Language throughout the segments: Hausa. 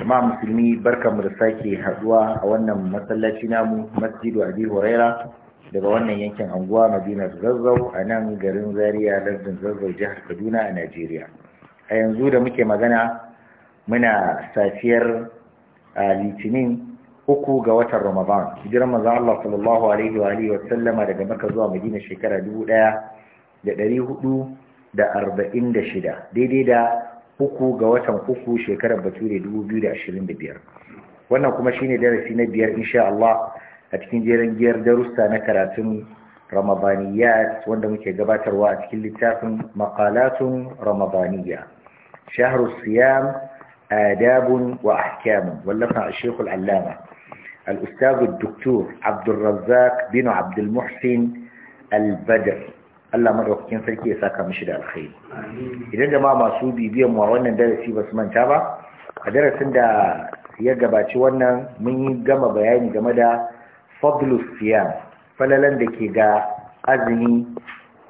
jama'a musulmi barkanmu da sake haduwa a wannan masallaci namu masjidu abi huraira daga wannan yankin anguwa madina zazzau a nan garin zaria lardin zazzau jihar kaduna a najeriya a yanzu da muke magana muna safiyar litinin uku ga watan ramadan hijiran maza allah sallallahu alaihi wa alihi wa sallama daga maka zuwa madina shekara dubu ɗaya da ɗari hudu da arba'in da shida daidai da uku ga watan uku shekarar bature 2025 wannan kuma shine darasi na biyar insha Allah a cikin jerin giyar darussa na karatun ramadaniyat wanda muke gabatarwa a cikin littafin maqalatun ramadaniya shahru siyam adabun wa ahkamun wallafa al-shaykh al-allama al-ustadh ad-doktor Abdul Razzaq bin Abdul Muhsin al-Badr Allah madaukakin sarki ya saka mishi da alkhairi idan jama'a masu bibiyan mu a wannan darasi ba su manta ba a darasin da ya gabaci wannan mun yi gama bayani game da fadlus siyam falalan da ke ga azumi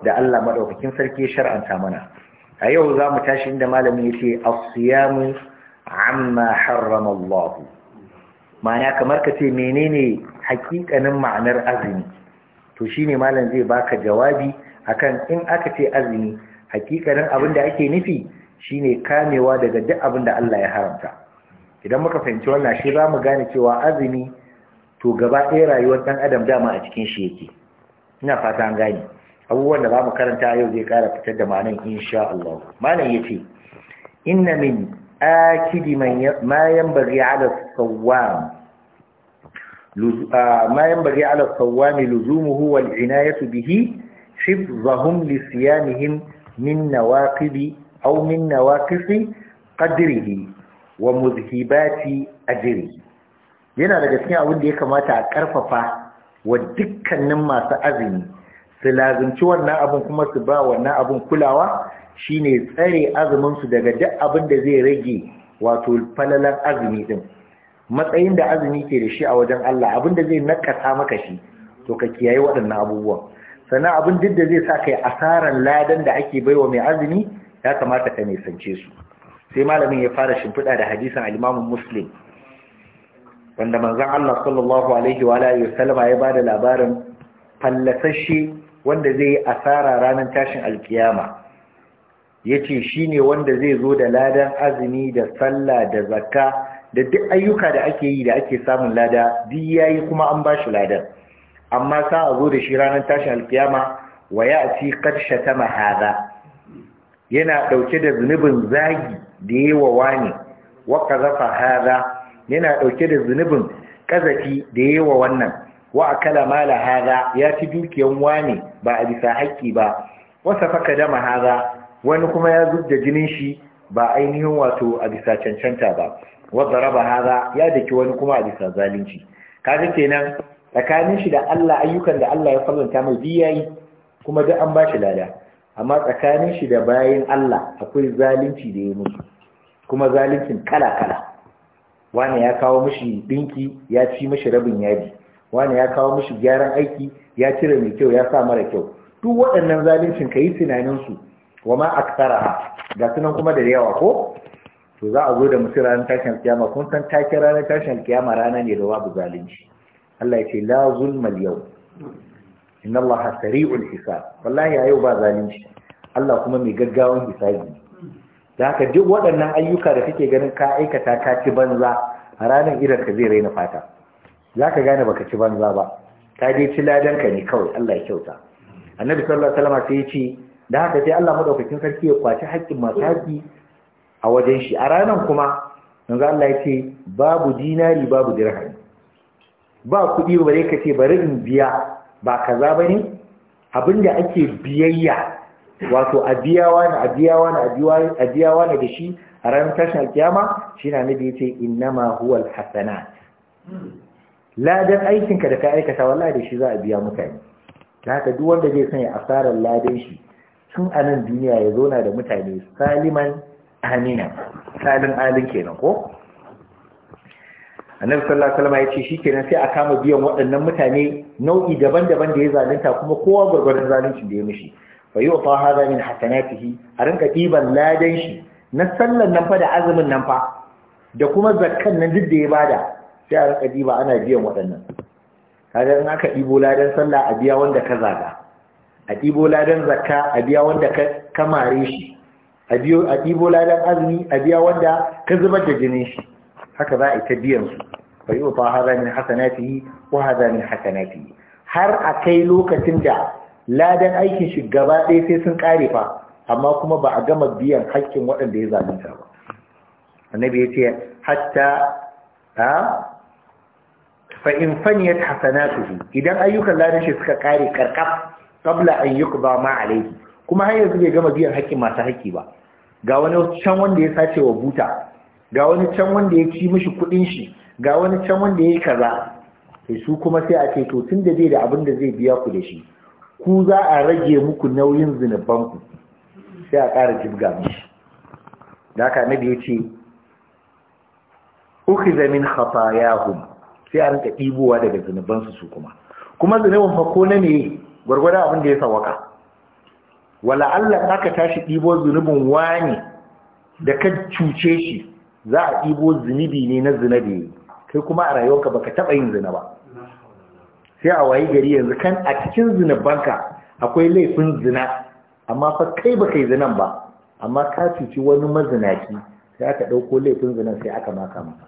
da Allah maɗaukakin sarki ya shar'anta mana a yau za mu tashi inda malami ya ce as amma harrama Allah ma'ana kamar ka ce menene hakikanin ma'anar azumi to shine malam zai baka jawabi akan in aka ce azumi hakikanin abin da ake nufi shine kamewa daga duk abin Allah ya haramta idan muka fahimci wannan shi za mu gane cewa azumi to gaba ɗaya rayuwar ɗan adam dama a cikin shi yake ina fata an gane abubuwan da za mu karanta yau zai ƙara fitar da ma'anan insha Allah malam ya ce inna min akidi ma yanbaghi ala sawwam ma yanbaghi ala sawwam luzumuhu wal inayatu bihi حفظهم لصيامهم من نواقض أو من نواقص قدره ومذهبات أجره yana daga cikin abin da ya kamata a karfafa wa dukkanin masu azumi su lazunci wannan abin kuma su ba wannan abin kulawa shine tsare azuminsu daga duk abin zai rage wato falalan azumi din matsayin da azumi ke da shi a wajen Allah abin da zai nakasa maka shi to ka kiyaye waɗannan abubuwan sannan abin duk da zai sa kai asaran ladan da ake baiwa mai azumi ya kamata ka nisance su sai malamin ya fara shimfiɗa da hadisin al-Imam Muslim wanda manzon Allah sallallahu alaihi wa wasallama ya bada labarin fallasashe wanda zai yi asara ranar tashin alkiyama yace shine wanda zai zo da ladan azumi da sallah da zakka da duk ayyuka da ake yi da ake samun lada duk yayi kuma an bashi ladan amma sa a zo da shi ranar tashin alkiyama wa ya ci ƙarshe ta mahaza yana ɗauke da zunubin zagi da yi wa wani waka zafa haza yana ɗauke da zunubin ƙazafi da yi wa wannan wa kala mala haza ya ci dukiyan wani ba a bisa haƙƙi ba wasa faka da mahaza wani kuma ya zub da jinin shi ba ainihin wato a bisa cancanta ba wadda raba haza ya daki wani kuma a bisa zalunci kaga kenan tsakanin shi da Allah ayyukan da Allah ya faranta mai yi kuma duk an bashi lada amma tsakanin shi da bayin Allah akwai zalunci da ya musu kuma zaluncin kala kala wani ya kawo mishi dinki ya ci mishi rabin yadi wani ya kawo mishi gyaran aiki ya cire mai kyau ya sa mara kyau duk waɗannan zaluncin kayi tunanin su wa ma aktaraha ga sunan kuma da yawa ko to za a zo da musu ranar tashin kiyama kun san take ranar tashin kiyama rana ne da babu zalunci Allah ya ce la zulmal yau inna Allah sari'ul hisab wallahi yau ba zalunci Allah kuma mai gaggawan hisabi da haka duk waɗannan ayyuka da kake ganin ka aikata ka ci banza a ranar idan ka zai raina fata za ka gane baka ci banza ba ka je ci ladan ka ne kawai Allah ya kyauta annabi sallallahu alaihi wasallam sai ya ce da haka sai Allah madaukakin sarki ya kwaci haƙƙin masu a wajen shi a ranar kuma yanzu Allah ya ce babu dinari babu dirhami ba kuɗi ba ka ce bari in biya ba kaza ba ne abinda ake biyayya wato a biyawa na a biyawa na a biyawa na da shi a ranar tashin alkiyama shi na nabi ce innama huwal ladan aikinka da ka aikata wallahi da shi za a biya mutane Ta haka duk wanda zai sanya asarar ladan shi tun a nan duniya ya zo na da mutane saliman amina salin alin kenan ko annabi sallallahu alaihi wasallam ya ce shikenan sai a kama biyan waɗannan mutane nau'i daban-daban da ya zalunta kuma kowa gurgurdan zaluncin da ya mishi fa fa hadha min hasanatihi a rinka diban ladan shi na sallan nan fa da azumin nan fa da kuma zakkan nan duk da ya bada sai a rinka diba ana biyan waɗannan kaga in aka dibo ladan sallah a biya wanda ka zaga a dibo ladan zakka a biya wanda ka kamare shi a dibo ladan azumi a biya wanda ka zubar da jinin shi haka za a yi ta biyan su fa yi fa hada min hasanatihi wa hada min hasanatihi har a kai lokacin da ladan aikin shi gaba ɗaya sai sun kare fa amma kuma ba a gama biyan haƙƙin waɗanda ya zalunta ba annabi ya ce hatta ha fa in faniyat hasanatuhu idan ayyukan ladan shi suka kare karkaf qabla an yuqda ma alayhi kuma har yanzu bai gama biyan haƙƙin masu haƙƙi ba ga wani can wanda ya sace wa buta ga wani can wanda ya ci mishi kudin shi ga wani can wanda ya yi kaza sai su kuma sai a ce to tun da zai da abin da zai biya ku da shi ku za a rage muku nauyin ku, sai a ƙara jibga mishi da haka nabi ya ce uku zamin khafayahum sai a rinka ɗibowa daga zunubansu su su kuma kuma zunubin fa ko na ne gwargwadon abin da ya sawaka wala Allah aka tashi ɗibo zunubin wani da ka cuce shi za a ɗibo zunubi ne na zina da yi kai kuma a rayuwarka baka taɓa yin zina ba sai a waye gari yanzu kan a cikin zunubanka akwai laifin zina amma fa kai baka yi zinan ba amma ka cuci wani mazinaki sai aka ɗauko laifin zinan sai aka maka maka.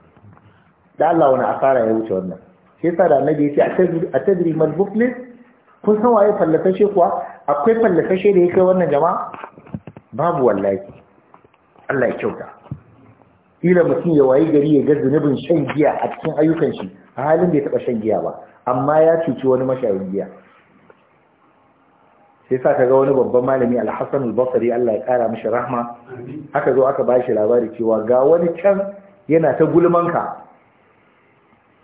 da Allah wani asara ya wuce wannan sai sa da annabi ya ce a tadri mal buklis kun san waye fallafashe kuwa akwai fallafashe da ya kai wannan jama'a babu wallahi Allah ya kyauta kila mutum ya wayi gari ya ga zunubin shan giya a cikin ayyukan shi a halin bai taba shan giya ba amma ya cuci wani mashayin giya sai sa ka ga wani babban malami alhassan basri allah ya ƙara mishi rahma aka zo aka bashi labari cewa ga wani can yana ta gulman ka.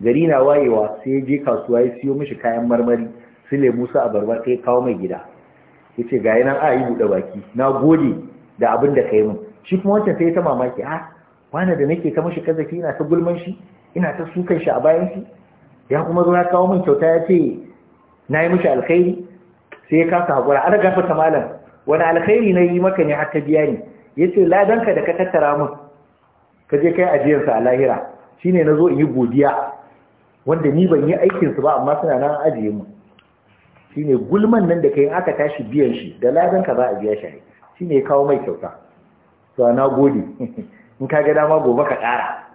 gari na wayewa sai ya je kasuwa ya siyo mishi kayan marmari su Musa su abarba sai kawo mai gida yace ga yanan a yi buɗe baki na gode da abin da ka mun shi kuma wancan sai ta mamaki ah wani da nake ta mashi kazafi ina ta gulman shi ina ta sukan shi a bayan shi ya kuma zo ya kawo min kyauta ya ce na yi mishi alkhairi sai ya kasa haƙura an gafa ta malam wani alkhairi na yi maka ne haka biya ne? ya ce ladanka da ka tattara mun ka je kai ajiyarsa a lahira Shi ne na zo in yi godiya wanda ni ban yi aikinsu ba amma suna nan ajiye mu ne gulman nan da kai aka tashi biyan shi da ladanka za a biya shi Shi ne ya kawo mai kyauta to na gode in ka ga dama gobe ka ƙara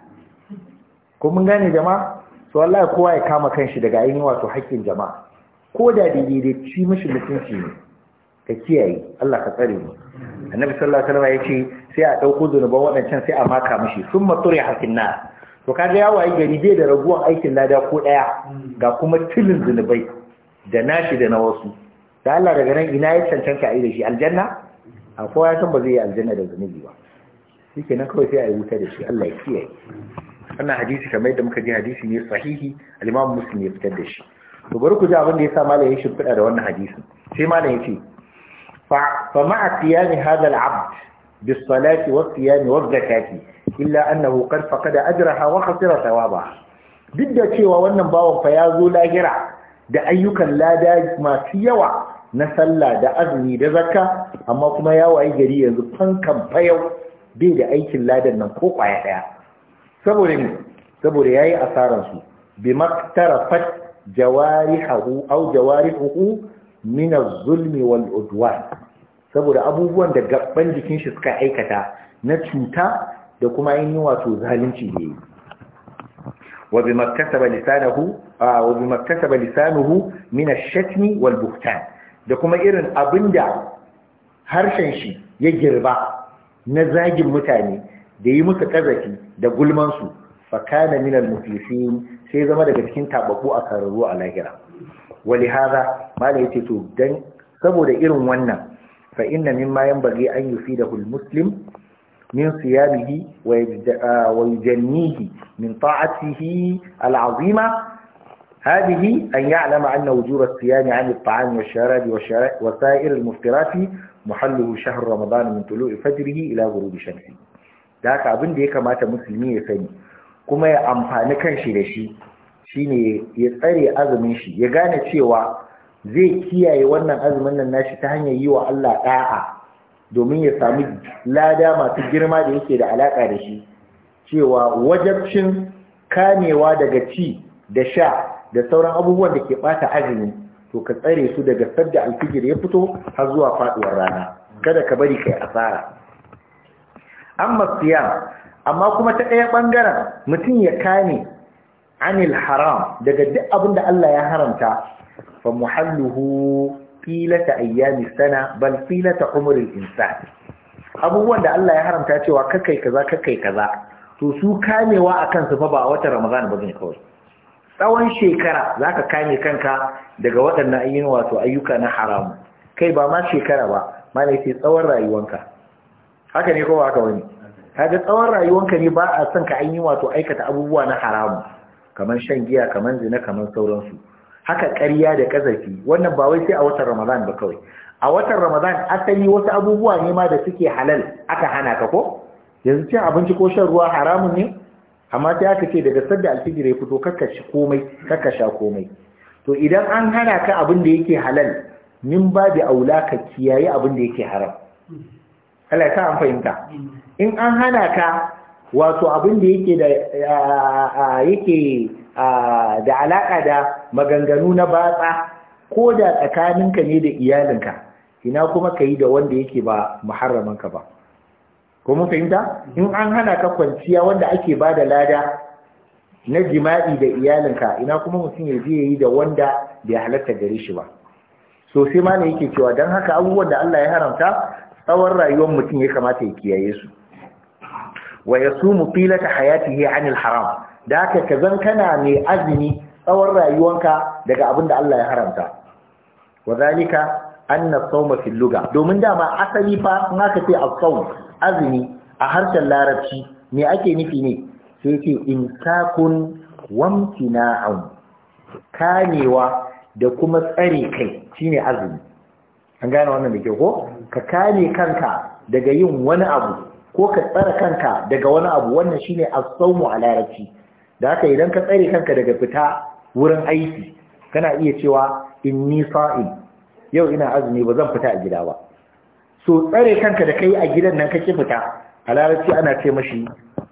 ko mun gane jama'a so wallahi kowa ya kama kanshi daga ainihin wato haƙƙin jama'a ko da daidai ci mishi mutunci ne ka kiyaye Allah ka tsare mu annabi sallallahu alaihi wasallam yace sai a ɗauko zunuban waɗancan sai a maka mishi summa turiha fil nar to ka ya wayi gari bai da raguwar aikin lada ko daya ga kuma tilin zunubai da nashi da na wasu da Allah daga nan ina ya cancanta a yi da shi aljanna akwai ya san ba zai yi aljanna da zunubi ba yake nan kawai sai a yi wuta da shi Allah ya kiyaye hadisi kamar yadda muka ji hadisi ne sahihi al-Imam Muslim ya fitar da shi to bari ku ji abin da yasa malam ya shimfida da wannan hadisin sai malam yace fa fa ma'a qiyam hadha al-'abd bis-salati was-siyam waz-zakati illa annahu qad faqada ajraha wa khasira thawabaha duk da cewa wannan bawan fa ya zo lahira da ayyukan lada masu yawa na sallah da azumi da zakka amma kuma ya wayi gari yanzu fankan fayau bai da aikin ladan nan ko kwaya daya saboda ne saboda yayi asaran su bi maktarafat jawarihu aw jawarihu min az-zulmi wal udwan saboda abubuwan da gaban jikin shi suka aikata na cuta da kuma yin wato zalunci ne wa bi maktasaba lisanahu wa bi maktasaba lisanuhu min ash wal buhtan da kuma irin abinda harshen shi ya girba na zagin mutane da yi musu kazafi da gulmansu fakana minal muflisin sai zama daga cikin tababbu a kararru a lahira wali hada malai yace to dan saboda irin wannan fa inna mimma yanbaghi an yufidahu almuslim min siyamihi wa yujannihi min ta'atihi al'azima هذه أن يعلم أن وجوب الصيام عن الطعام والشراب وسائر المفطرات muhalluhu shahr ramadan min tulu'i fajrihi ila ghurubi shamsi da haka abin da ya kamata musulmi ya sani kuma ya amfani kanshi da shi shine ya tsare azumin shi ya gane cewa zai kiyaye wannan azumin nan nashi ta hanyar yi wa Allah da'a domin ya samu lada masu girma da yake da alaka da shi cewa wajabcin kamewa daga ci da sha da sauran abubuwan da ke bata azumi to ka tsare su daga sadda alfijir ya fito har zuwa faduwar rana kada ka bari kai asara amma siyam amma kuma ta ɗaya ɓangaren mutum ya kame anil haram daga duk abin da Allah ya haramta fa muhalluhu filata ayyami sana bal filata umrul insan abubuwan da Allah ya haramta cewa kakai kaza kakai kaza to su kamewa akan su fa ba a watan Ramadan ba zan kawai tsawon shekara za ka kame kanka daga waɗannan ayyun wato ayyuka na haramu kai ba ma shekara ba ne ce tsawon rayuwanka haka ne kowa haka wani kaga tsawon rayuwanka ne ba a son ka an yi wato aikata abubuwa na haramu kamar shan giya kamar zina kamar sauransu haka ƙarya da kazafi wannan ba wai sai a watan ramadan ba kawai a watan ramadan asali wasu abubuwa ne ma da suke halal aka hana ka ko yanzu cin abinci ko shan ruwa haramun ne amma sai aka ce daga sadda alfijir ya fito kakka komai komai to idan an hana ka abin da yake halal min ba da aula ka kiyaye abin da yake haram Allah ka an in an hana ka wato abin da yake da alaƙa da maganganu na batsa ko da tsakaninka ne da iyalinka ina kuma ka yi da wanda yake ba muharramanka ba ko mun fahimta in an hana ka kwanciya wanda ake ba da lada na jima'i da iyalinka ina kuma mutum ya je yi da wanda bai halatta gare shi ba so sai ma ne yake cewa don haka abubuwan da Allah ya haramta tsawon rayuwar mutum ya kamata ya kiyaye su wa yasumu hayati hayatihi anil haram da haka ka zan kana mai azumi tsawon rayuwanka daga abin da Allah ya haramta wa zalika annas sauma fil lugha domin dama asali fa in aka ce as-sawm azumi a harshen larabci me ake nufi ne sai ce takun wamtina'un kanewa da kuma tsare kai shine azumi an gane wannan da ke ko ka kane kanka daga yin wani abu ko ka tsare kanka daga wani abu wannan shine as-sawmu a larabci da haka idan ka tsare kanka daga fita wurin aiki kana iya cewa inni sa'im yau ina azumi ba zan fita a gida ba so tsare kanka da kai a gidan nan kake fita a larabci ana ce mashi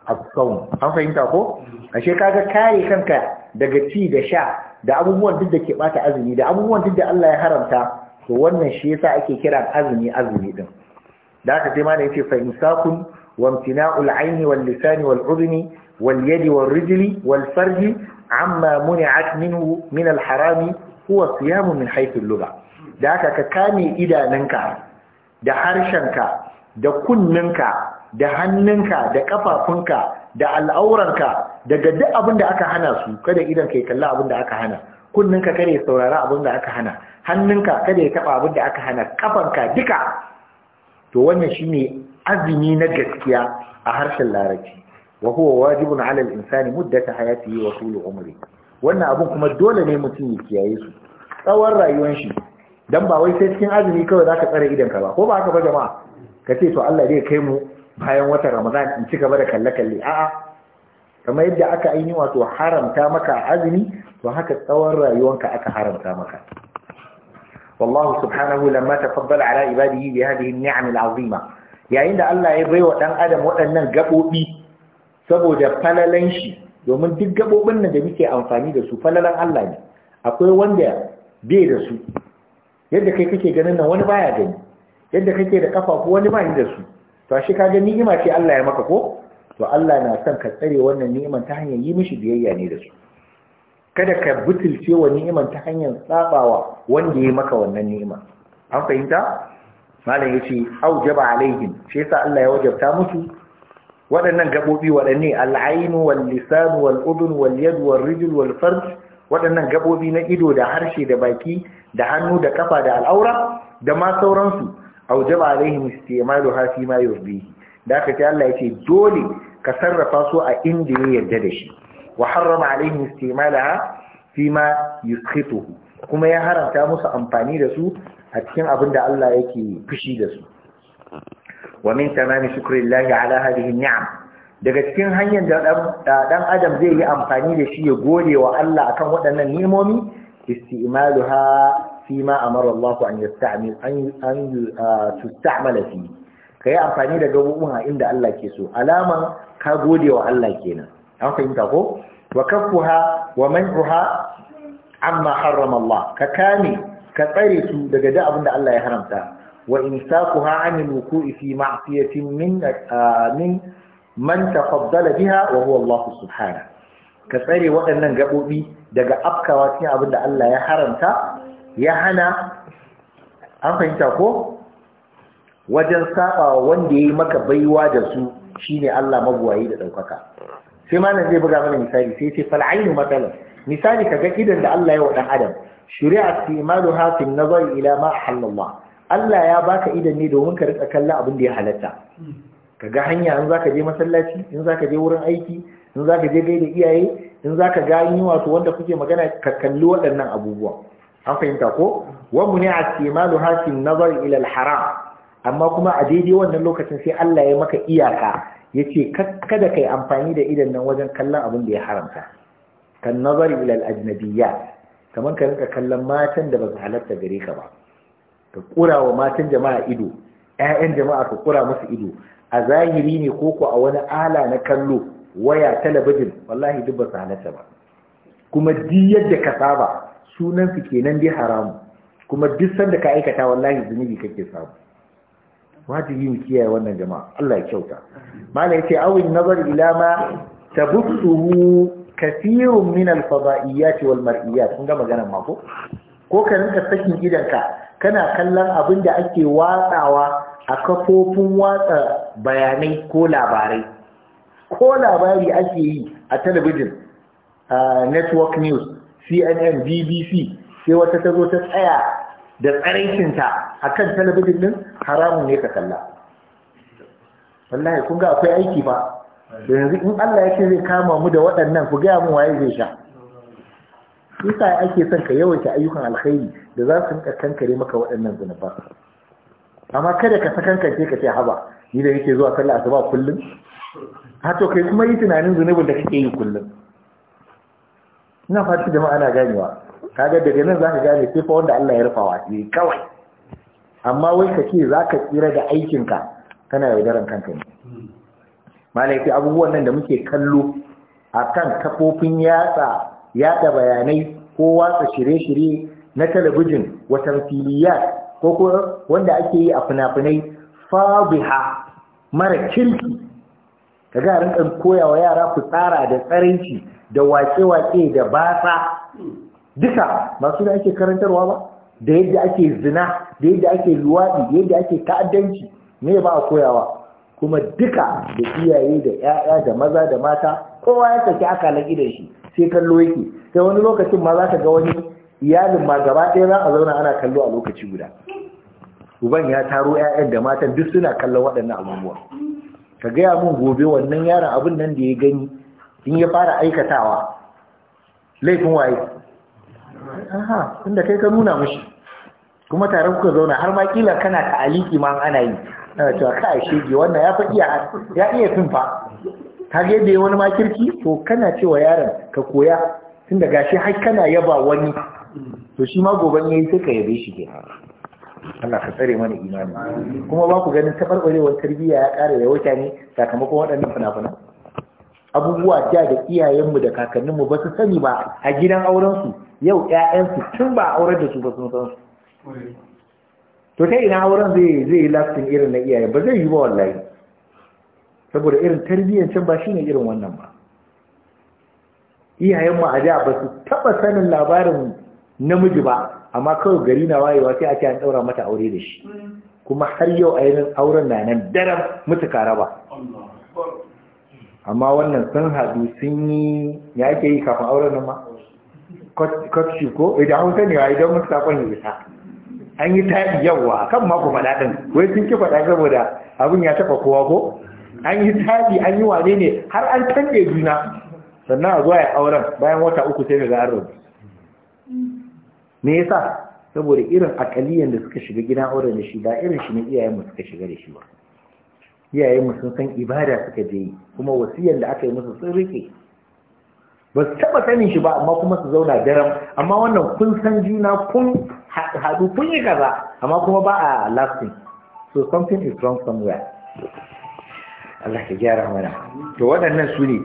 as-sawm an fahimta ko ashe kaga kare kanka daga ci da sha da abubuwan duk da ke bata azumi da abubuwan duk da Allah ya haramta to wannan shi yasa ake kira azumi azumi din da haka sai ma yace fa imsakun wa imtina'ul ayni wal lisani wal udni wal yadi wal rijli wal farji amma muni'at minhu min al harami huwa siyamu min haythu al-lugha da haka ka kame idanunka da harshenka da kunninka da hannunka da kafafunka da al'auranka daga duk abin da aka hana su kada idan ka kalla abin da aka hana kunninka kada ya saurara abin da aka hana hannunka kada ya taba abin da aka hana kafanka duka to wannan shine azumi na gaskiya a harshen larabci wa huwa wajibun 'ala al-insani muddata hayatihi wa tul umri wannan abun kuma dole ne mutum ya kiyaye su tsawon rayuwar shi dan ba wai sai cikin azumi kawai zaka tsare idan ka ba ko ba haka ba jama'a ka ce to Allah zai kai mu bayan watan Ramadan in ci gaba da kalle kalle a'a kamar yadda aka aini wato haramta maka azumi to haka tsawon rayuwanka aka haramta maka والله سبحانه لما تفضل على عباده بهذه النعم العظيمه yayin da Allah ya baiwa ɗan adam waɗannan gaɓoɓi saboda falalan shi domin duk gaɓoɓin nan da muke amfani da su falalan Allah ne akwai wanda bai da su yadda kai kake ganin nan wani baya gani yadda kake da kafafu wani ba da su to shi ka ga ni'ima ce Allah ya maka ko to Allah na son ka tsare wannan ni'iman ta hanyar yi mishi biyayya ne da su kada ka butulce wa ni'iman ta hanyar tsabawa wanda ya maka wannan ni'ima an fahimta malam yace aujaba alaihim shi yasa Allah ya wajabta musu waɗannan gabobi waɗanne al'ainu wal lisan wal udhun wal yad wal rijl wal farj waɗannan gabobi na ido da harshe da baki da hannu da kafa da al'aura da ma sauransu aujaba alaihim istimalu ha fi ma yurdihi da aka ce Allah dole ka sarrafa su a inda ya yarda da shi wa harrama alaihim istimalaha fi ma yuskhituhu kuma ya haramta musu amfani da su a cikin abin da Allah yake fushi da su wa min tamami shukrillahi ala hadhihi ni'am daga cikin hanyar da ɗan adam zai yi amfani da shi ya gode wa Allah akan waɗannan nimomi istimaluha fi ma amara Allah an yasta'mil an an tusta'mala fi kai amfani da gabubuwan inda Allah ke so alaman ka gode wa Allah kenan an fahimta ko wa kaffuha wa man'uha amma harrama Allah ka kame ka tsare su daga duk abin da Allah ya haramta wa insakuha anil wuku'i fi ma'siyatin min min man tafaddala biha wa huwa Allah subhanahu ka tsare waɗannan gabobi daga afkawa cikin abin da Allah ya haramta ya hana an fahimta ko wajen saba wanda yayi maka baiwa da su shine Allah magwayi da daukaka sai malam zai buga mana misali sai sai fal ainu matalan misali kaga idan da Allah ya wa dan adam shari'a malu fi nazari ila ma halalla Allah ya baka idan ne domin ka rika kallon abin da ya halatta ka ga hanya in zaka je masallaci in ka je wurin aiki in ka je gaida iyaye in zaka ga yi wato wanda kuke magana ka kalli waɗannan abubuwa an fahimta ko wa muni'a a hasin nazar ila ilal haram amma kuma a daidai wannan lokacin sai Allah ya maka iyaka ya ce kada kai amfani da idan nan wajen kallon abin da ya haramta Ka nazar ilal ajnabiya kamar kaman ka rinka kallon matan da ba su halatta gare ka ba ka kura wa matan jama'a ido 'ya'yan jama'a ka kura musu ido a zahiri ne ko ko a wani ala na kallo waya talabijin wallahi duk ba su halatta ba kuma di yadda ka saba sunan su kenan dai haramu kuma duk sanda ka aikata wallahi zunubi kake samu wajibi mu kiyaye wannan jama'a Allah ya kyauta malai yace awin nazar ila ma tabuttuhu kathirun min al-fadaiyat wal mar'iyat kun ga maganar mako ko ka rinka sakin gidanka? kana kallon abin da ake watsawa a kafofin watsa bayanai ko labarai ko labari ake yi a talabijin network news cnn bbc sai wata ta zo ta tsaya da tsaraicinta a kan talabijin din haramun ne ka kalla wallahi kun ga akwai aiki ba yanzu in allah ya ce zai kama mu da waɗannan ku gaya mu waye zai sha yasa ake son ka yawaita ayyukan alkhairi da za su rinka kankare maka waɗannan zunuban amma kada ka kankance ka ce haba ni da yake zuwa sallah asuba kullum ha to kai kuma yi tunanin zunubin da kake yi kullum ina fata da ana ganewa kaga daga nan zaka gane sai fa wanda Allah ya rufa wa ne kawai amma wai ka ce zaka tsira da aikin ka kana yaudaran kanka ne malai abubuwan nan da muke kallo akan kafofin yatsa yada bayanai ko watsa shirye-shirye na talabijin watan filiyar. ko ko wanda ake yi a fina-finai fabiha mara kirki ka a rinka koyawa yara ku tsara da tsarinci da wake-wake da basa duka masu da ake karantarwa ba da yadda ake zina da yadda ake luwaɗi da yadda ake ta'addanci me ba a koyawa kuma duka da iyaye da 'ya'ya da maza da mata kowa ya saki aka akalan gidan shi sai kallo yake sai wani lokacin ma za ka ga wani iyalin ma gaba ɗaya za a zauna ana kallo a lokaci guda uban ya taro 'ya'yan da matan duk suna kallon waɗannan abubuwa ka gaya min gobe wannan yaron abin nan da ya gani in ya fara aikatawa laifin waye aha inda kai ka nuna mushi kuma tare kuka zauna har ma kila kana aliki ma ana yi ana cewa ka shege wannan ya faɗi ya iya fin fa ka ga yadda wani makirki to kana cewa yaron ka koya tun da gashi har kana yaba wani to shi ma goban yayi sai ka yabe shi ke Allah ka tsare mana imani kuma ba ku ganin tabarbarewar tarbiyya ya ƙara wata ne sakamakon waɗannan fina fina abubuwa da da iyayenmu da kakanninmu ba su sani ba a gidan aurensu yau ƴaƴansu tun ba aurar da su ba sun san su to kai ina auren zai zai yi lasting irin na iyaye ba zai yi ba wallahi saboda irin tarbiyyar can ba shine irin wannan ba iyayenmu a da ba su taɓa sanin labarin namiji ba amma kawai gari na wayewa sai ake an daura mata aure da shi kuma har yau a yin auren na nan daram mutu ba. amma wannan sun haɗu sun yi ya ake yi kafin auren nan ma kwatshi ko idan eh, hausa ne wa idan mutu sakon yi wuta an yi taɗi yawa kan mako faɗaɗin wai sun ki faɗa saboda abin ya taɓa kowa ko an yi taɗi an yi wane ne har an canje juna sannan a zuwa ya auren bayan wata uku sai ga an me yasa saboda irin akaliyan da suka shiga gidan auren da shi da irin shi ne iyayen mu suka shiga da shi ba Iyayen mu sun san ibada suka je kuma wasiyar da aka yi musu sun rike ba su taba sanin shi ba amma kuma su zauna daram amma wannan kun san juna kun haɗu kun yi kaza amma kuma ba a lasting so something is wrong somewhere Allah ya gyara mana to waɗannan su ne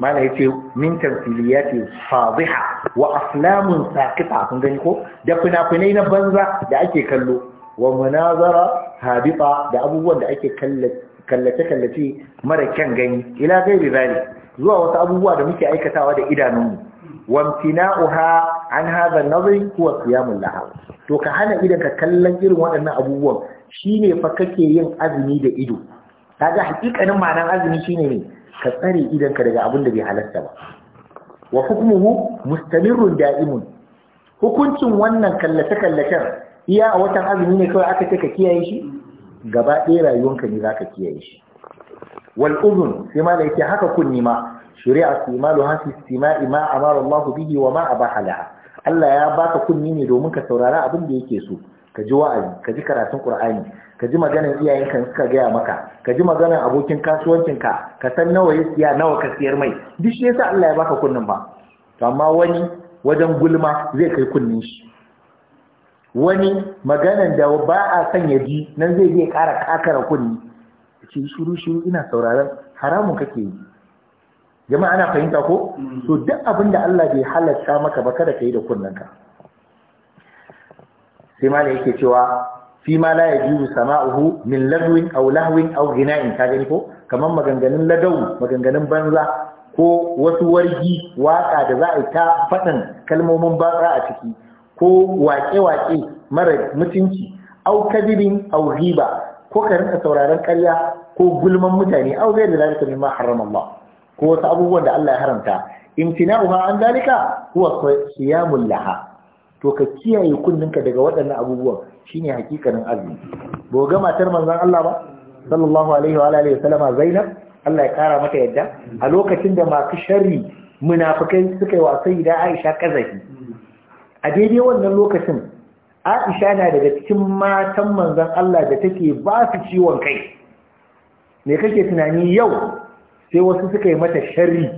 mala yace min tamthiliyati fadhiha wa aflamun saqita kun gani ko da fina-finai na banza da ake kallo wa munazara habita da abubuwan da ake kallace kallace mara kyan gani ila gairi bali zuwa wasu abubuwa da muke aikatawa da mu wa mtina'uha an hadha an-nazri huwa siyamul to ka hana idan ka kallan irin waɗannan abubuwan shine fa kake yin azumi da ido kaga hakikanin ma'anar azumi shine ne ka tsare idanka daga abin da bai halasta ba wa hukmuhu mustamirrun da'imun hukuncin wannan kallace kallacen iya a watan azumi ne kawai aka ce ka kiyaye shi gaba ɗaya rayuwanka ne zaka kiyaye shi wal udhun sai ma yake haka kunni ma shari'a imalu hasi istima'i ma amara Allah bihi wa ma abaha Allah ya baka kunni ne domin ka saurara abin da yake so ka ji wa'azi ka ji karatun Qur'ani ka ji maganar iyayenka suka gaya maka ka ji maganar abokin kasuwancinka ka san nawa ya siya nawa ka siyar mai duk shi yasa Allah ya baka kunnin ba to amma wani wajen gulma zai kai kunnin shi wani maganar da ba a son ya ji nan zai je ƙara kakara kunni ce shiru shiru ina sauraron haramun kake yi jama'a ana fahimta ko mm. to duk abin da Allah bai halatta maka ba kada ka yi da kunnanka sai ma yake cewa fi ma la yajuzu sama'uhu min lagwin aw lahwin aw ghina'in ka gani ko kaman maganganun lagawu maganganun banza ko wasu wargi waka da za a ta faɗin kalmomin banza a ciki ko waƙe-waƙe mara mutunci aw kadibin aw ghiba ko ka rinka sauraron ƙarya ko gulman mutane aw ghayr zalika mimma harrama Allah ko wasu abubuwan da Allah ya haramta imtina'uha an zalika huwa siyamul laha to ka kiyaye kunninka daga waɗannan abubuwan shine hakikanin azumi bo matar manzon Allah ba sallallahu alaihi wa alihi wasallama Zainab Allah ya kara mata yadda a lokacin da masu sharri munafukai suka yi wa sayyida Aisha kazafi a daidai wannan lokacin Aisha na daga cikin matan manzon Allah da take ba su ciwon kai me kake tunani yau sai wasu suka yi mata sharri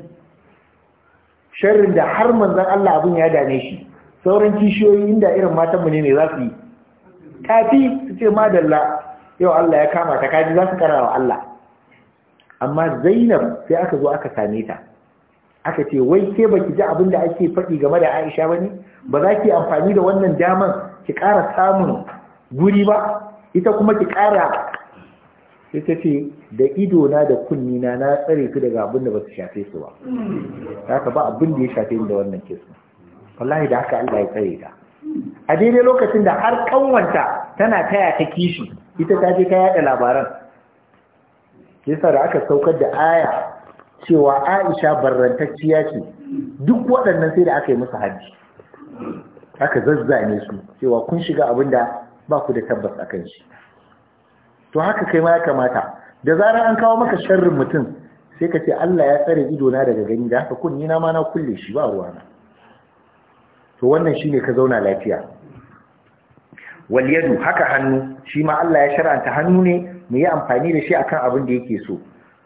sharrin da har manzon Allah abin ya dame shi sauran kishiyoyi inda irin matanmu ne ne za su yi Kafi su ce madalla yau Allah ya kama ta kaji za su kara wa Allah amma Zainab sai aka zo aka same ta aka ce wai ke baki ji abin ake faɗi game da Aisha bane ba za ki amfani da wannan daman ki kara samun guri ba ita kuma ki ƙara ta ce da idona da kunnina na tsare su daga abin da ba su shafe su ba hmm. haka ba abin da ya shafe ni da wannan kesu wallahi da haka Allah ya tsare ta a daidai lokacin da har kanwanta tana taya ta kishi ita ta je ta yada labaran yasa da aka saukar da aya cewa Aisha barrantacciya ce duk waɗannan sai da aka yi musu hajji aka zazzane su cewa kun shiga abin da ba ku da tabbas a kan shi to haka kai ma ya kamata da zarar an kawo maka sharrin mutum sai ka ce Allah ya tsare idona daga gani da haka kun na ma na kulle shi ba ruwana to wannan shi ne ka zauna lafiya wal yadu haka hannu shi ma Allah ya shar'anta hannu ne mu yi amfani da shi akan abin da yake so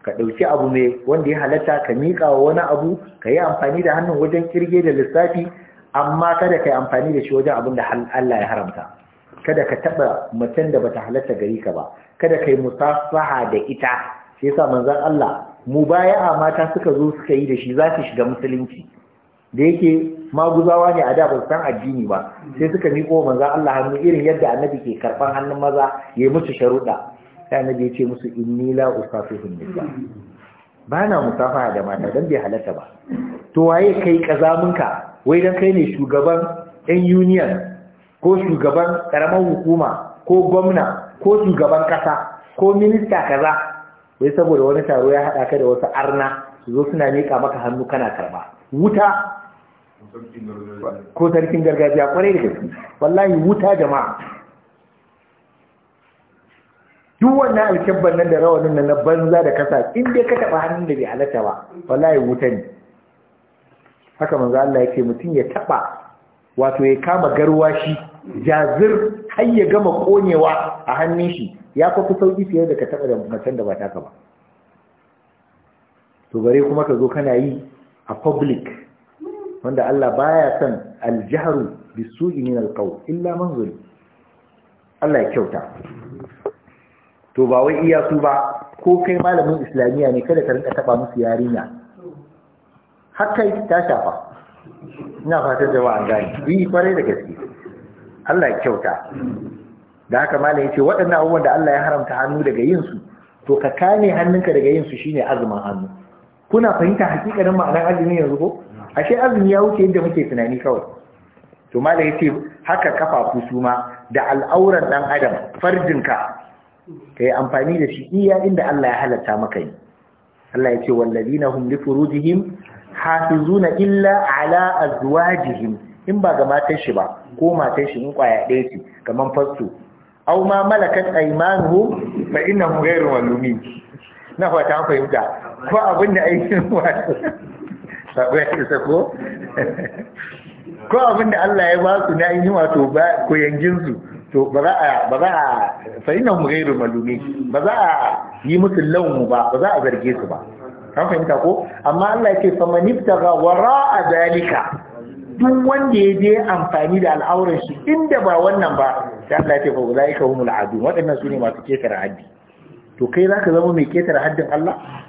ka ɗauki abu mai wanda ya halatta ka miƙa wa wani abu ka yi amfani da hannun wajen kirge da lissafi amma kada ka yi amfani da shi wajen abin da Allah ya haramta kada ka taɓa macen da bata halatta gari ka ba kada kai musafaha da ita shi yasa manzon Allah mu. baya mata suka zo suka yi da shi za su shiga musulunci da yake maguzawa ne a da ba san addini ba sai suka miƙo manzan Allah hannu irin yadda annabi ke karɓan hannun maza ya musu sharuɗa sai annabi ya ce musu inni la usafihun nisa ba na musafa da mata dan bai halatta ba to waye kai munka wai dan kai ne shugaban yan union ko shugaban karamar hukuma ko gwamna ko shugaban ƙasa ko minista kaza wai saboda wani taro ya haɗa ka da wasu arna su zo suna miƙa maka hannu kana karɓa wuta ko sarkin gargajiya kwarai da gaske wallahi wuta jama'a duk wannan alkebban nan da rawanin nan na banza da kasa in dai ka taba hannun da bai halatta ba wallahi wuta ne haka manzo Allah yake mutum ya taba wato ya kama garwa shi, jazir har ya gama konewa a hannun shi ya kwafi sauki fiye da ka taba da mutan da ba taka ba to bare kuma ka zo kana yi a public wanda Allah baya son aljahru bisu'i min alqaw illa man zulim Allah ya kyauta to ba wai iya su ba ko kai malamin islamiya ne kada ka rinka taba musu yarinya kai ta shafa ina fatan jama'a gani yi kwarai da gaske Allah ya kyauta da haka malam yace waɗannan abubuwan da Allah ya haramta hannu daga yin su to ka kame hannunka daga yin su shine azumin hannu kuna fahimta hakikanin ma'anar azumi yanzu ko ashe azumi ya wuce inda muke tunani kawai to mala yace haka kafafu su ma da al'auran dan adam Ka kai amfani da shi iya inda Allah ya halatta maka yi Allah yace na hum li furujihim hafizuna illa ala azwajihim in ba ga matar shi ba ko matan shi in kwaya ɗaya ce kaman fasto aw ma malakat aymanuhu fa innahu ghayru walumin na fata fahimta ko abin da aikin wato sabu ya isa ko ko abin Allah ya ba su na yi wato ba koyanginsu to ba za a ba za a mu gairu malumi ba za a yi musu launu ba ba za a zarge su ba kan fahimta ko amma Allah ya ce famanifta ga wara'a dalika duk wanda ya je amfani da al'auran shi inda ba wannan ba sai Allah ya ce fa ulaika humul adu waɗannan sune masu ketare haddi to kai zaka zama mai ketare haddin Allah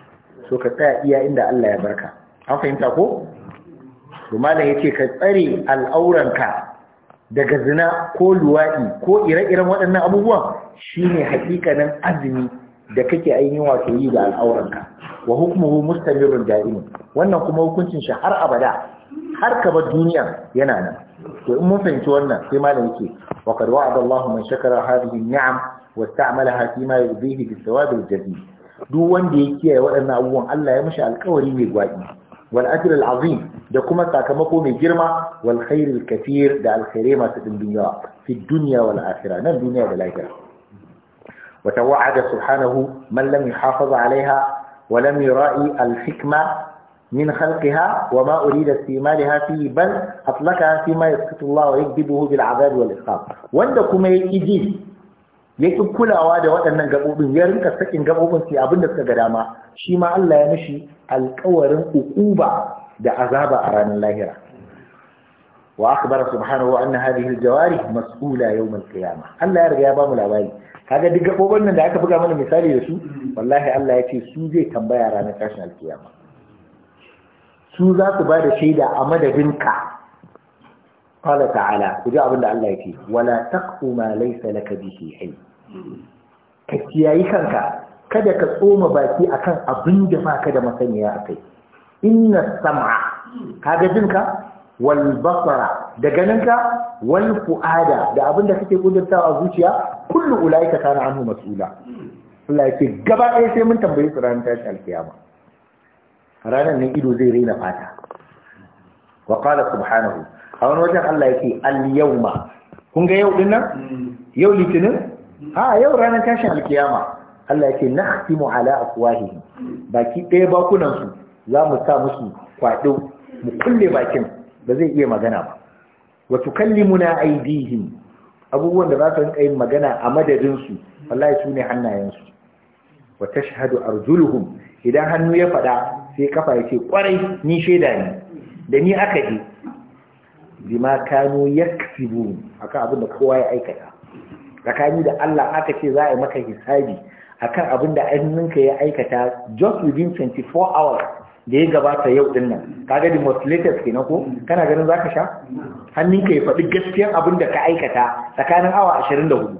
so ka tsaya iya inda Allah ya barka an fahimta ko Malam ya ce ka tsare al'auranka daga zina ko luwaɗi ko ire-iren waɗannan abubuwan shine haƙiƙanin azumi da kake ainihin wato yi da al'auranka wa hukmuhu mustamirun da'imun wannan kuma hukuncin shi har abada har ka bar duniya yana nan to in mun fahimci wannan sai malam yake wa qad wa'ada Allahu man shakara hadhihi ni'am wasta'malaha fi ma yudhihi bis-sawabi jazil duk wanda ya kiyaye waɗannan abubuwan Allah ya mishi alƙawari mai gwaki wal ajr al azim da kuma sakamako mai girma wal khair al kathir da alkhairai masu dimbin yawa fi dunya wal akhirah nan duniya da lahira Wata tawa'ada subhanahu man lam yuhafiz alaiha wa lam yura'i al hikma من خلقها وما أريد استعمالها فيه بل أطلقها فيما يسقط الله ويكذبه بالعذاب والإخاب wanda kuma ya ƙi ji ya ƙi kulawa da waɗannan gabobin, ya rinka sakin gaɓoɓin su abin da suka ga dama shi ma Allah ya mishi alkawarin ukuba da azaba a ranar lahira wa bara subhanahu anna hadhihi aljawari mas'ula yawm alqiyamah Allah ya riga ya bamu labari kaga duk gabobin nan da aka buga mana misali da su wallahi Allah ya ce su zai tambaya ranar tashin alkiyama su za su ba da shaida a madadinka qala ta'ala ku ji abin da Allah ya ce wala taqu ma laysa laka bihi ilm ka kiyayi kanka kada ka tsoma baki akan abin da ba ka da masaniya a kai inna sam'a kaga jinka wal basara da ganinka wal fu'ada da abin da kake kudurtawa a zuciya kullu ulaika kana anhu mas'ula Allah yake gaba ɗaya sai mun tambaye su ranar tashi alkiyama ranar nan ido zai raina fata wa qala subhanahu a wani wajen Allah yake al yawma kun ga yau dinnan mm. yau litinin a yau ranar tashin alkiyama Allah yake nahtimu ala afwahihim baki ɗaya bakunan su za mu sa musu kwaɗo mu kulle bakin ba zai iya magana ba wa tukallimuna aydihim abubuwan da za su yin magana a madadin su wallahi su ne hannayen su wa tashhadu arjuluhum idan hannu ya fada sai kafa ce kwarai ni sheda ne da ni aka je bima kanu yaksibu akan abin da kowa ya aikata tsakani da Allah aka ce za a yi maka hisabi akan abin da ainihinka ya aikata just within 24 hours da ya gabata yau din nan kaga the most latest kenan ko kana ganin zaka sha hannunka ya faɗi gaskiyar abin da ka aikata tsakanin awa 24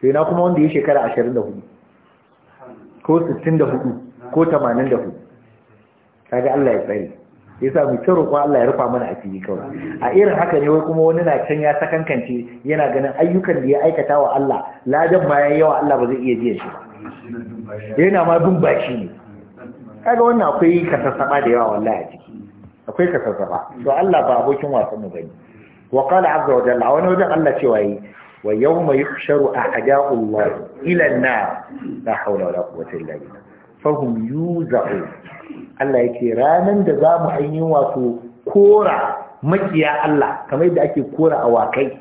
sai na kuma wanda ya shekara 24 ko 64 ko 84 kaga Allah ya tsare yasa mu ci roƙo Allah ya rufa mana a asiri kawai a irin haka ne wai kuma wani na can ya sakankance yana ganin ayyukan da ya aikata wa Allah ladan ma yawa Allah ba zai iya biyan shi yana ma bin bashi ne kaga wannan akwai kasassaba da yawa wallahi a ciki akwai kasassaba to Allah ba abokin wasan mu bane wa qala azza wa jalla wani wajen Allah cewa yi wa yawma yuhsharu a'da'u Allah ila an-nar la hawla wa la quwwata illa billah yu-za'o, Allah ce ranar da za mu ainihin wato kora makiya Allah kamar yadda ake kora awakai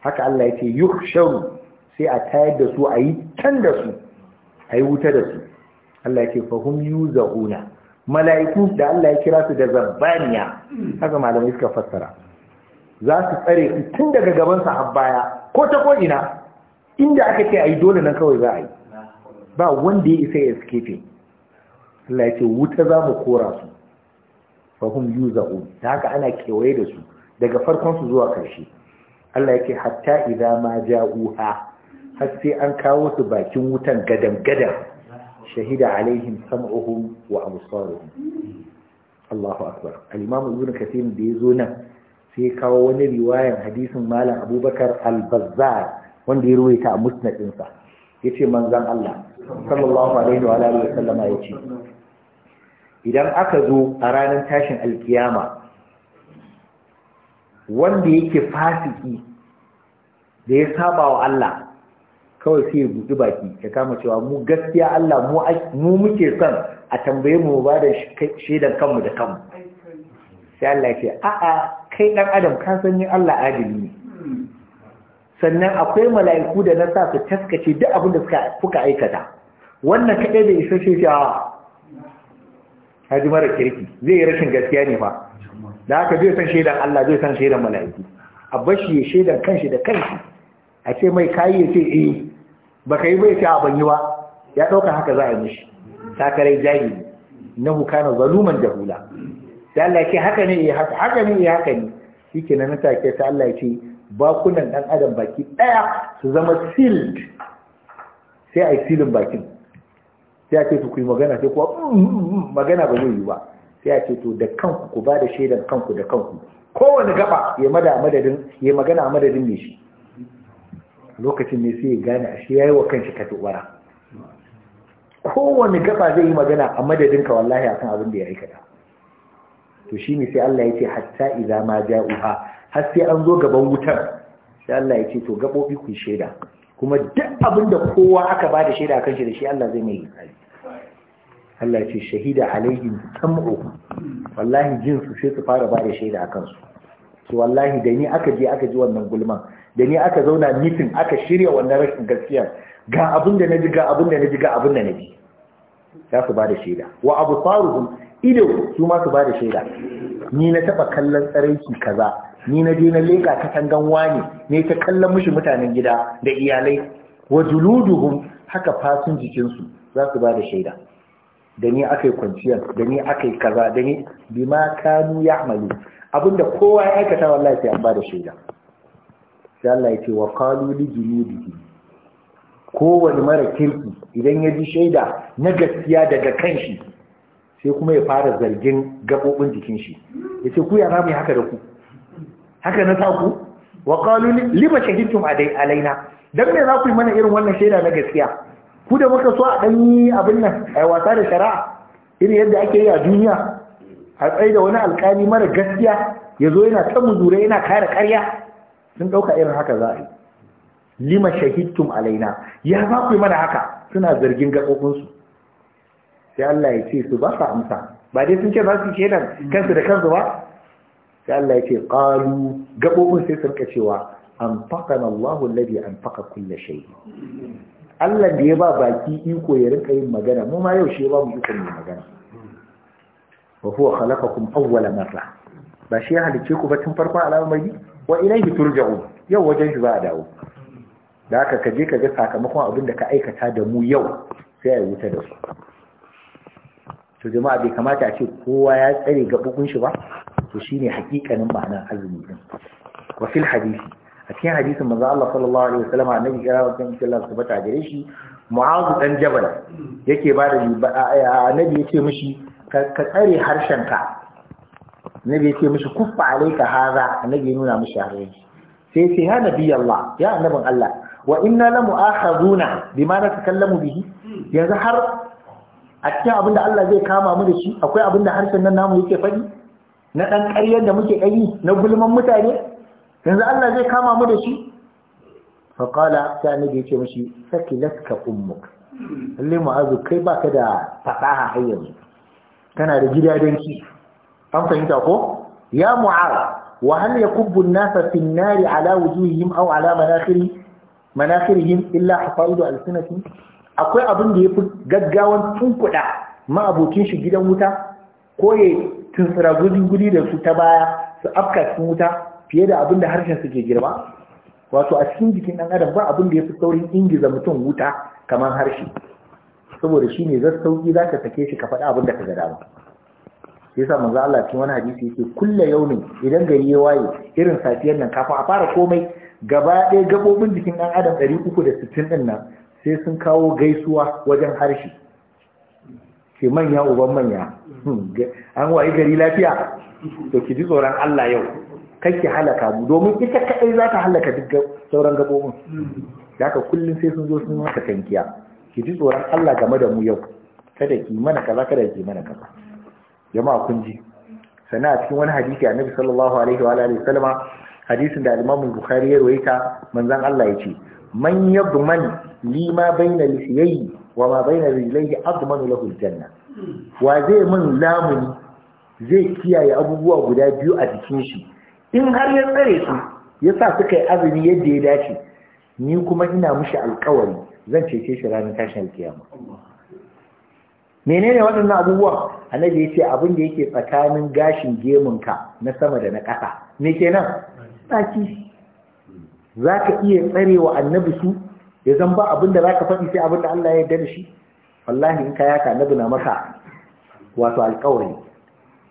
haka Allah yake yuhsharu sai a tayar da su a yi can da su a yi wuta da su Allah yu fahum yuza'una mala'iku da Allah ya kira su da zabbaniya haka malamai suka fassara za su tsare su tun daga gaban baya ko ta ko ina inda aka ce a yi dole nan kawai za a yi ba wanda ya isa ya escape Allah ya ce wuta za mu kora su fahim yuzaun ta haka ana kewaye da su daga farkon su zuwa karshe Allah ya ce hatta idza ma ja'uha har sai an kawo su bakin wutan gadan gadan shahida alaihim sam'uhum wa absaruhum Allahu akbar al-Imam Ibn Kathir da yazo nan sai ya kawo wani riwayan hadisin Malam Abubakar al-Bazzar wanda ya ruwaita a musnadinsa yace manzon Allah sallallahu alaihi wa alihi wa sallama yace idan aka zo a ranar tashin alkiyama wanda yake fasiki da ya saba wa Allah kawai sai ya buɗi baki ya kama cewa mu gaskiya Allah mu muke son a tambaye mu ba da shaidan kanmu da kanmu sai Allah ce a'a kai ɗan adam ka san yin Allah adili ne sannan akwai mala'iku da na sa su taskace duk abin da suka aikata wannan kaɗai da isa shi haji mara kirki zai yi rashin gaskiya ne fa da haka zai san shaidan Allah zai san shaidan mala'iku a bashi ya shaidan kanshi da kanshi a ce mai kayi ya ce eh baka yi bai ce a ban yi ba ya dauka haka za a mishi sakarai jahili na hukana zaluman jahula sai Allah ya haka ne ya eh, haka haka ne ya eh, haka ne shikenan nan take sai Allah ya ce bakunan dan adam baki daya su zama sealed sai ai silin bakin sai a ce to ku yi magana sai kuwa mm, mm, mm, magana ba zai yi ba sai a ce to da kanku ku ba da shaidar kanku da kanku kowane gaba ya mada magana a madadin ne shi lokacin ne sai ya gane a shi yayi wa kanshi ka tubara kowane gaba zai yi magana a madadin ka wallahi akan abin da ya aikata to shine sai Allah ya ce hatta idza ma ja'uha har sai an zo gaban wutar sai Allah ya ce to gabobi ku shaida kuma duk abin da kowa aka ba da shaida kan shi da shi Allah zai mai hisabi Allah ce shahida alaihim sam'u wallahi jin su sai su fara ba da shaida akan su to wallahi da ni aka je aka ji wannan gulman da ni aka zauna meeting aka shirya wannan rashin gaskiya ga abin da naji ga abin da naji ga abin da naji za su ba da shaida wa abu absaruhum ido su ma su ba da shaida ni na taba kallon tsaraici kaza ni na je na leka katangan wani ne ta kallon mushi mutanen gida da iyalai wa juluduhum haka fasin jikinsu za su ba shaida da ni aka yi kwanciyar da ni aka kaza da ni bi ma kanu ya abinda kowa ya aikata wallahi sai an ba shaida sai Allah ya ce wa qalu li juludihi kowane mara kirki idan ya ji shaida na gaskiya daga kanshi sai kuma ya fara zargin gabobin jikin shi ce ku ya ramu haka da ku haka na saku wa qalu lima shahidtum alaina dan me za ku yi mana irin wannan sheda na gaskiya ku da muka so a dan yi abin nan ai wasa da shari'a irin yadda ake yi a duniya a tsaye da wani alƙali mara gaskiya ya zo yana ta muzure yana kare ƙarya sun ɗauka irin haka za a yi lima shahidtum alaina ya za ku yi mana haka suna zargin su sai Allah ya ce su ba su amsa ba dai sun ce za su shaida kansu da kansu ba sai Allah ya ce qalu gabobin sai sun cewa anfaqana Allahu alladhi anfaqa kulle shai" Allah da ya ba baki iko ya rinka yin magana mu ma yau shi ya ba mu iko mai magana wa huwa khalaqakum awwala marra ba shi ya halice ku ba tun farkon al'amari wa ilayhi turja'u yau wajen shi za a dawo da haka ka je ka ga sakamakon abin da ka aikata da mu yau sai a wuta da su to jama'a bai kamata a ce kowa ya tsare gabobin shi ba to shine hakikanin ma'anar azumi din wa fil hadisi a cikin hadisin manzo Allah sallallahu alaihi wasallam annabi kira wa kan sallallahu subata gare shi mu'azu dan jabal yake ba da annabi yace mishi ka tsare harshen ka annabi yace mishi kuffa alayka hadha annabi nuna mishi harshen sai sai ya nabi Allah ya annabin Allah wa inna la mu'akhaduna bima natakallamu bihi yanzu har a cikin abinda Allah zai kama mu da shi akwai abinda harshen nan namu yake faɗi na ɗan ƙaryar da muke ƙari na gulman mutane yanzu Allah zai kama mu da shi faƙala ta da ya ce mashi laska ummuk lalle mu'azu kai ba baka da fasaha har yanzu Tana da ki. an fahimta ko ya mu'ara. wa hal ya kubbun nasa fi nari ala wujuhihim au ala manafirihim illa hafaidu al akwai abin da ya yafi gaggawan kuɗa ma abokin shi gidan wuta ko ya tunsura gudun gudi da su ta baya su afka cikin wuta fiye da abin da harshen suke girma wato a cikin jikin ɗan adam ba abin da ya fi saurin ingiza mutum wuta kamar harshe saboda shi ne zai sauƙi za ka sake shi ka faɗi abin da ka ga dama Ya sa manzo Allah cikin wani hadisi yake kulla yaumin idan gari ya waye irin safiyar nan kafin a fara komai gaba ɗaya gabobin jikin ɗan adam 360 ɗin nan sai sun kawo gaisuwa wajen harshe ke manya uban manya hmm, an waye gari lafiya to ki ji tsoron Allah yau kai ki halaka mu domin ita kadai za ta halaka duk sauran gabobin da haka kullum sai sun zo sun maka tankiya ki ji tsoron Allah game da mu yau kada ki mana kaza kada ki mana kaza jama'a kun ji sana a cikin wani hadisi annabi sallallahu alaihi wa alihi sallama hadisin da imam Bukhari ya rawaita manzon Allah ya ce man yadman lima baina lisyayi wa ma bayna rijlaihi adman lahu aljanna wa zai min lamuni zai kiyaye abubuwa guda biyu a jikin shi in har ya tsare su yasa suka yi azumi yadda ya dace ni kuma ina mishi alkawari zan cece shi ranar tashin alkiyama menene waɗannan abubuwa annabi yace abin da yake tsakanin gashin gemunka na sama da na ƙasa me kenan tsaki zaka iya tsarewa annabi su ya zan ba abin da za ka faɗi sai abin da Allah ya yarda da shi wallahi in ka yaka annabi na maka wato alƙawari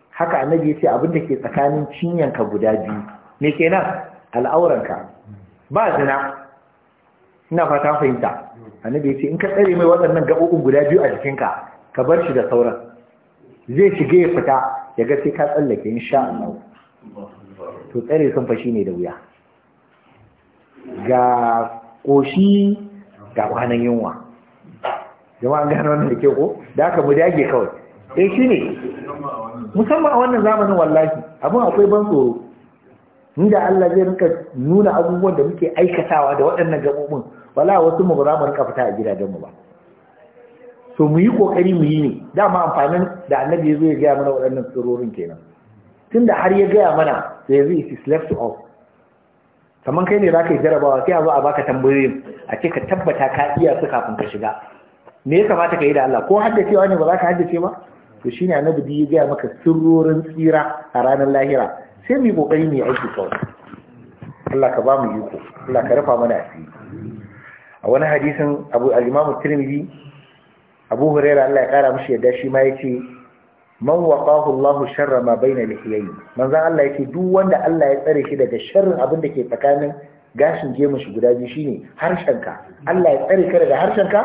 haka annabi ya ce abin da ke tsakanin cinyanka guda biyu me kenan al'auranka ba zina ina fata fahimta annabi ya ce in ka tsare mai waɗannan gaɓoɓin guda biyu a jikinka ka bar shi da sauran zai shige ya fita ya ga sai ka tsallake sha Allah to tsare sun fashi ne da wuya ga ƙoshi ga kwanan yunwa jama'a gano wannan da ke ko da aka mu dage kawai E shi ne musamman a wannan zamanin wallahi abin akwai ban tsoro inda Allah zai rinka nuna abubuwan da muke aikatawa da waɗannan gabobin wala wasu mu ba mu rinka fita a gidajen mu ba so mu yi kokari mu yi ne dama amfanin da annabi ya zo ya gaya mana waɗannan tsororin kenan tunda har ya gaya mana sai zai is left off kamar kai ne za ka yi jarabawa sai a zo a baka tambayoyin a ce ka tabbata ka iya su kafin ka shiga me ya kamata ka yi da Allah ko haddacewa ne ba za ka haddace ba to shine annabi da ya gaya maka sirrorin tsira a ranar lahira sai mu kokari mu aiki kawai Allah ka ba mu ko Allah ka rufa mana asiri a wani hadisin Abu al-Imam Tirmidhi Abu Hurairah Allah ya kara mishi yadda shi ma yace man waqahu Allahu sharra ma baina lihiyayi manzon Allah yake duk wanda Allah ya tsare shi daga sharrin abin da ke tsakanin gashin gemun shi guda biyu shine harshenka Allah ya tsare ka daga harshenka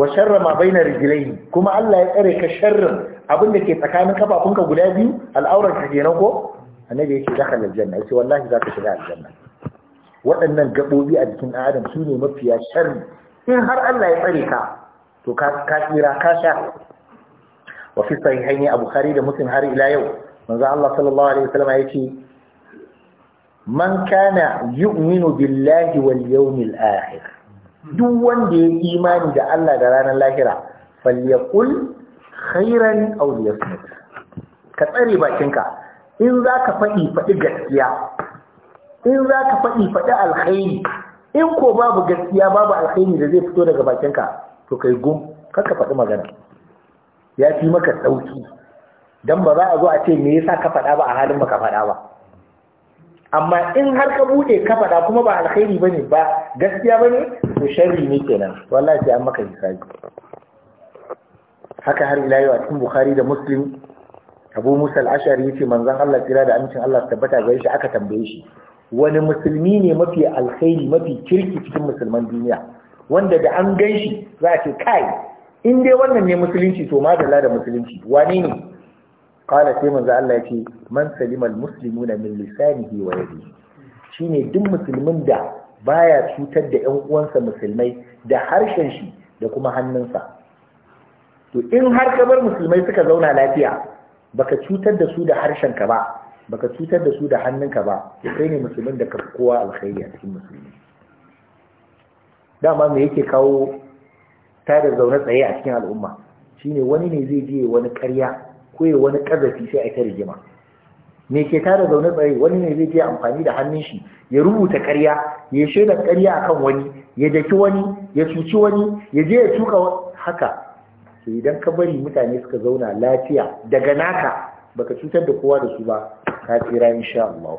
wa sharra ma baina rijlaihi kuma Allah ya tsare ka sharrin abin da ke tsakanin kafafunka guda biyu al'auran ka kenan ko annabi yake dakhala aljanna yace wallahi zaka shiga aljanna waɗannan gaɓoɓi a jikin Adam adam ne mafiya sharri in har Allah ya tsare ka to ka tsira ka sha wa fi sahihaini a bukhari da muslim har ila yau manzo Allah sallallahu alaihi wasallam yace man kana yu'minu billahi wal yawmil akhir duk wanda ya imani da Allah da ranar lahira falyaqul khairan aw liyasmut ka tsare bakinka in zaka fadi fadi gaskiya in zaka fadi fadi alkhairi in ko babu gaskiya babu alkhairi da zai fito daga bakinka to kai gum ka faɗi magana ya fi maka sauki Don ba za a zo a ce me yasa ka faɗa ba a halin ba faɗa ba amma in har ka buɗe kafaɗa kuma ba alkhairi bane ba gaskiya bane to sharri ne kenan wallahi sai an maka hisabi haka har ila yau a cikin bukhari da muslim abu musa al-ashari yace manzon Allah tsira da amincin Allah tabbata ga shi aka tambaye shi wani musulmi ne mafi alkhairi mafi kirki cikin musulman duniya wanda da an gan shi za a ce kai in dai wannan ne musulunci to ma da musulunci wane ne qala sai manzo Allah ya ce man salimal muslimuna min lisanihi wa yadihi shine duk musulmin da baya cutar da ƴan uwansa musulmai da harshen shi da kuma hannunsa to in har ka musulmai suka zauna lafiya baka cutar da su da harshen ka ba baka cutar da su da hannunka ba kai ne musulmin da ka fi kowa alkhairi a cikin musulmi dama me yake kawo tada zaune tsaye a cikin al'umma shine wani ne zai je wani ƙarya ko wani ƙazafi sai a ta rigima me ke tada zaune tsaye wani ne zai je amfani da hannun shi ya rubuta ƙarya ya shaida ƙarya akan wani ya daki wani ya cuci wani ya je ya tuka haka sai idan ka bari mutane suka zauna lafiya daga naka baka cutar da kowa da su ba ka tsira insha Allah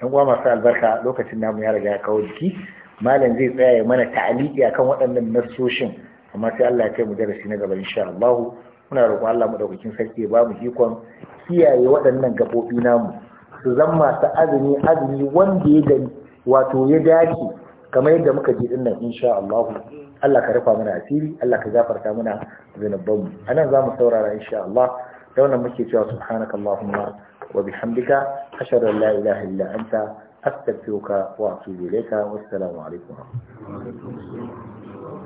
Ɗan uwa masu albarka lokacin namu ya riga ya kawo jiki malam zai tsaya ya mana ta'aliki akan waɗannan nasoshin. amma sai Allah ya kai mu darasi na gaba insha Allah muna roƙon Allah madaukakin sarki ya ba mu ikon kiyaye waɗannan gaɓoɓi namu su zama ta azumi azumi wanda ya gani wato ya dace kamar yadda muka ji din nan insha Allah Allah ka rufa mana asiri Allah ka gafarta mana zanabban mu anan zamu saurara insha Allah da wannan muke cewa subhanakallahumma wa bihamdika ashhadu an la ilaha illa anta astaghfiruka wa atubu ilayka wassalamu alaikum wa